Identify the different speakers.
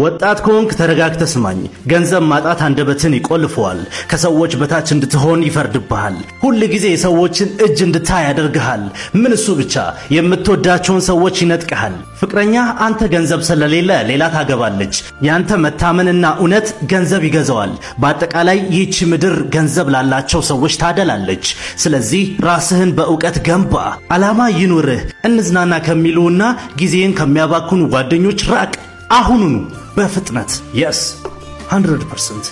Speaker 1: ወጣት ከሆንክ ተረጋግተ ስማኝ። ገንዘብ ማጣት አንደበትን ይቆልፈዋል። ከሰዎች በታች እንድትሆን ይፈርድብሃል። ሁል ጊዜ የሰዎችን እጅ እንድታይ ያደርግሃል። ምን እሱ ብቻ የምትወዳቸውን ሰዎች ይነጥቀሃል ፍቅረኛ አንተ ገንዘብ ስለሌለ ሌላ ታገባለች። ያንተ መታመንና እውነት ገንዘብ ይገዛዋል። በአጠቃላይ ይህች ምድር ገንዘብ ላላቸው ሰዎች ታደላለች። ስለዚህ ራስህን በእውቀት ገንባ። ዓላማ ይኑርህ። እንዝናና ከሚሉና ጊዜን ከሚያባክኑ ጓደኞች ራቅ አሁኑኑ።
Speaker 2: በፍጥነት የስ
Speaker 3: 100 ፐርሰንት